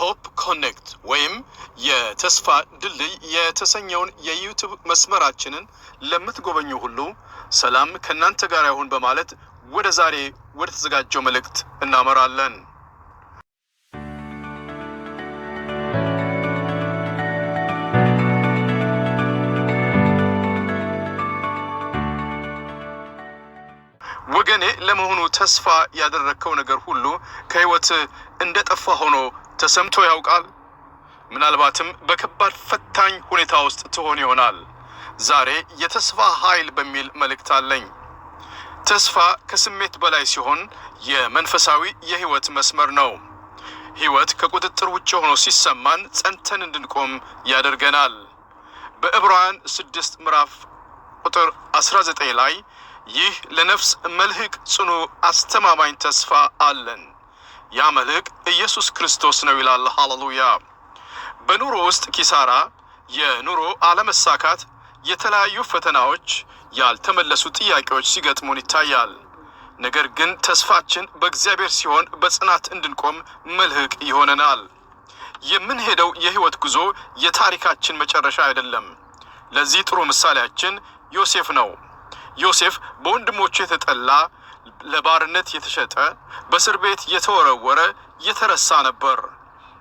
ሆፕ ኮኔክት ወይም የተስፋ ድልድይ የተሰኘውን የዩቱብ መስመራችንን ለምትጎበኙ ሁሉ ሰላም ከእናንተ ጋር ይሁን በማለት ወደ ዛሬ ወደ ተዘጋጀው መልእክት እናመራለን። ተስፋ ያደረግከው ነገር ሁሉ ከህይወት እንደጠፋ ሆኖ ተሰምቶ ያውቃል? ምናልባትም በከባድ ፈታኝ ሁኔታ ውስጥ ትሆን ይሆናል። ዛሬ የተስፋ ኃይል በሚል መልእክት አለኝ። ተስፋ ከስሜት በላይ ሲሆን የመንፈሳዊ የህይወት መስመር ነው። ህይወት ከቁጥጥር ውጭ ሆኖ ሲሰማን ጸንተን እንድንቆም ያደርገናል። በዕብራውያን ስድስት ምዕራፍ ቁጥር 19 ላይ ይህ ለነፍስ መልህቅ ጽኑ አስተማማኝ ተስፋ አለን። ያ መልህቅ ኢየሱስ ክርስቶስ ነው ይላል። ሃሌሉያ። በኑሮ ውስጥ ኪሳራ፣ የኑሮ አለመሳካት፣ የተለያዩ ፈተናዎች፣ ያልተመለሱ ጥያቄዎች ሲገጥሙን ይታያል። ነገር ግን ተስፋችን በእግዚአብሔር ሲሆን በጽናት እንድንቆም መልህቅ ይሆነናል። የምንሄደው የህይወት ጉዞ የታሪካችን መጨረሻ አይደለም። ለዚህ ጥሩ ምሳሌያችን ዮሴፍ ነው። ዮሴፍ በወንድሞቹ የተጠላ ለባርነት የተሸጠ በእስር ቤት የተወረወረ የተረሳ ነበር።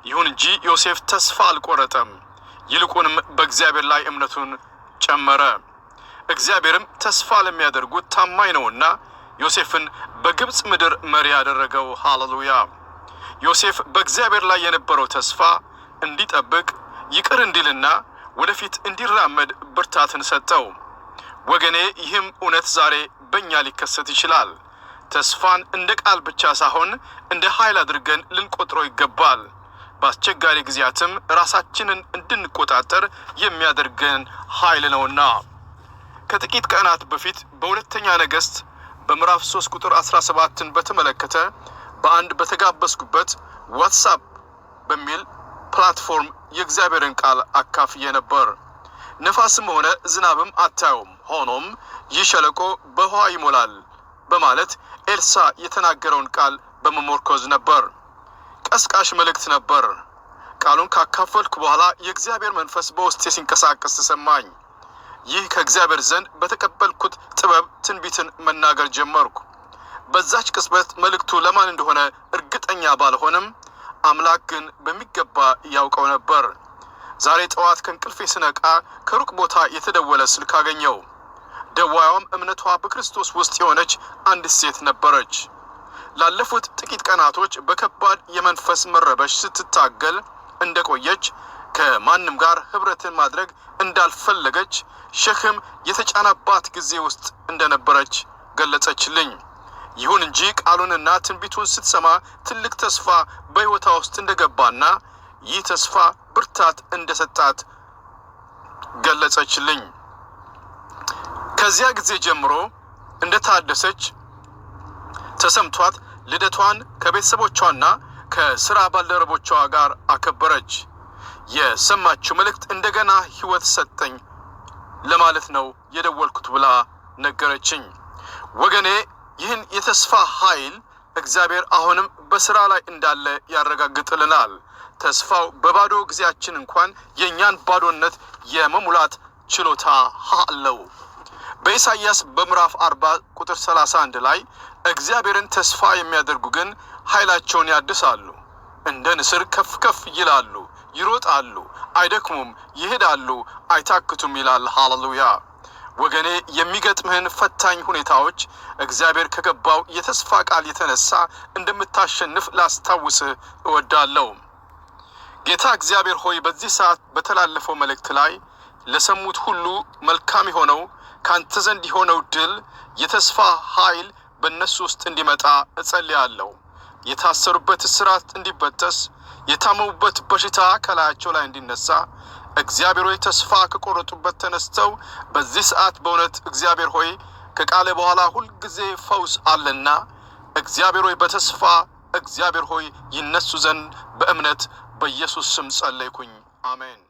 ይሁን እንጂ ዮሴፍ ተስፋ አልቆረጠም። ይልቁንም በእግዚአብሔር ላይ እምነቱን ጨመረ። እግዚአብሔርም ተስፋ ለሚያደርጉት ታማኝ ነውና ዮሴፍን በግብፅ ምድር መሪ ያደረገው። ሃሌሉያ! ዮሴፍ በእግዚአብሔር ላይ የነበረው ተስፋ እንዲጠብቅ ይቅር እንዲልና ወደፊት እንዲራመድ ብርታትን ሰጠው። ወገኔ ይህም እውነት ዛሬ በእኛ ሊከሰት ይችላል። ተስፋን እንደ ቃል ብቻ ሳይሆን እንደ ኃይል አድርገን ልንቆጥረው ይገባል። በአስቸጋሪ ጊዜያትም ራሳችንን እንድንቆጣጠር የሚያደርገን ኃይል ነውና። ከጥቂት ቀናት በፊት በሁለተኛ ነገሥት በምዕራፍ 3 ቁጥር 17ን በተመለከተ በአንድ በተጋበዝኩበት ዋትሳፕ በሚል ፕላትፎርም የእግዚአብሔርን ቃል አካፍዬ ነበር። ነፋስም ሆነ ዝናብም አታዩም። ሆኖም ይህ ሸለቆ በውሃ ይሞላል በማለት ኤልሳ የተናገረውን ቃል በመሞርኮዝ ነበር። ቀስቃሽ መልእክት ነበር። ቃሉን ካካፈልኩ በኋላ የእግዚአብሔር መንፈስ በውስጤ ሲንቀሳቀስ ተሰማኝ። ይህ ከእግዚአብሔር ዘንድ በተቀበልኩት ጥበብ ትንቢትን መናገር ጀመርኩ። በዛች ቅጽበት መልእክቱ ለማን እንደሆነ እርግጠኛ ባልሆንም አምላክ ግን በሚገባ ያውቀው ነበር። ዛሬ ጠዋት ከእንቅልፌ ስነቃ ከሩቅ ቦታ የተደወለ ስልክ አገኘው። ደዋዩም እምነቷ በክርስቶስ ውስጥ የሆነች አንዲት ሴት ነበረች። ላለፉት ጥቂት ቀናቶች በከባድ የመንፈስ መረበሽ ስትታገል እንደቆየች፣ ከማንም ጋር ህብረትን ማድረግ እንዳልፈለገች፣ ሸክም የተጫነባት ጊዜ ውስጥ እንደነበረች ገለጸችልኝ። ይሁን እንጂ ቃሉንና ትንቢቱን ስትሰማ ትልቅ ተስፋ በሕይወቷ ውስጥ እንደገባና ይህ ተስፋ ብርታት እንደሰጣት ገለጸችልኝ። ከዚያ ጊዜ ጀምሮ እንደታደሰች ተሰምቷት ልደቷን ከቤተሰቦቿና ከስራ ባልደረቦቿ ጋር አከበረች። የሰማችው መልእክት እንደገና ህይወት ሰጠኝ ለማለት ነው የደወልኩት ብላ ነገረችኝ። ወገኔ ይህን የተስፋ ኃይል እግዚአብሔር አሁንም በስራ ላይ እንዳለ ያረጋግጥልናል። ተስፋው በባዶ ጊዜያችን እንኳን የእኛን ባዶነት የመሙላት ችሎታ አለው። በኢሳይያስ በምዕራፍ አርባ ቁጥር ሰላሳ አንድ ላይ እግዚአብሔርን ተስፋ የሚያደርጉ ግን ኃይላቸውን ያድሳሉ፣ እንደ ንስር ከፍ ከፍ ይላሉ፣ ይሮጣሉ፣ አይደክሙም፣ ይሄዳሉ፣ አይታክቱም ይላል። ሃሌሉያ ወገኔ የሚገጥምህን ፈታኝ ሁኔታዎች እግዚአብሔር ከገባው የተስፋ ቃል የተነሳ እንደምታሸንፍ ላስታውስህ እወዳለሁ። ጌታ እግዚአብሔር ሆይ በዚህ ሰዓት በተላለፈው መልእክት ላይ ለሰሙት ሁሉ መልካም የሆነው ካንተ ዘንድ የሆነው ድል፣ የተስፋ ኃይል በእነሱ ውስጥ እንዲመጣ እጸልያለሁ። የታሰሩበት እስራት እንዲበጠስ፣ የታመሙበት በሽታ ከላያቸው ላይ እንዲነሳ እግዚአብሔር ሆይ ተስፋ ከቆረጡበት ተነስተው በዚህ ሰዓት በእውነት እግዚአብሔር ሆይ ከቃለ በኋላ ሁልጊዜ ፈውስ አለና እግዚአብሔር ሆይ በተስፋ እግዚአብሔር ሆይ ይነሱ ዘንድ በእምነት በኢየሱስ ስም ጸለይኩኝ። አሜን።